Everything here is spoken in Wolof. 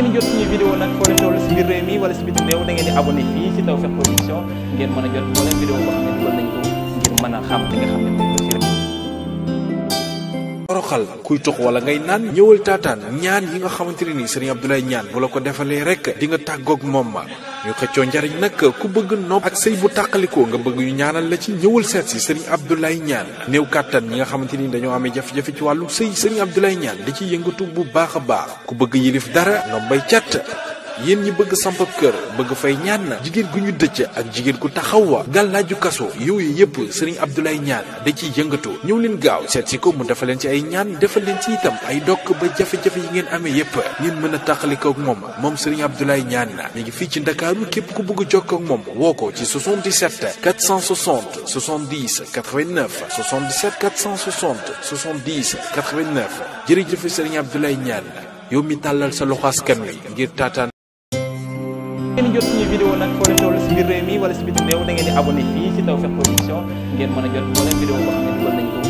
ngeen jot suñu vidéo nag foo leen toll si biir réew mën a jot moo leen vidéo boo ko ngir mën a xam li nga kuy tux wala ngay naan ñëwal taataan ñaan yi nga xamante ne nii Serigne Abdoulaye ñaan bu la ko defalee rek di nga tàggoog moom ma ñu xëccoo njariñ nag ku bëgg nopp ak sëy bu tàqalikoo nga bëgg ñu ñaanal la ci ñëwal seet si sëriñ Abdoulaye Niane néew kàttan ñi nga xamante ni dañoo amee jafe-jafe ci wàllu sëy sëriñ Abdoulaye Niane di ci yëngatu bu baax a baax ku bëgg yilif dara ndombay cat yéen ñi bëgg samp kër bëgg fay ñaan na jigéen gu ñu dëcc ak jigéen ku taxawwa gàllaaju kaso yooyu yëpp sëriñ Abdoulaye ñaan da ciy yëngatu ñëw leen gaaw seet si ko mu defal leen ci ay ñaan defal leen ci itam ay dokk ba jafe-jafe yi ngeen amee yëpp ngeen mën a tàqalikook moom moom sëriñ Abdoulaye ñaan na mi ngi fii ci Ndakaaru képp ku bëgg jokkoo ak moom woo ko ci 77 460 70 89 77 460 70 89 jërëjëf sëriñ Abdoulaye ñaan yow mi tàllal sa loxo askan wi ngir taataan ngeen mi wala si biti réew da ngeen di abonné fii si Tawfekh Production ngeen mën a jot moo leen vidéo boo xam ne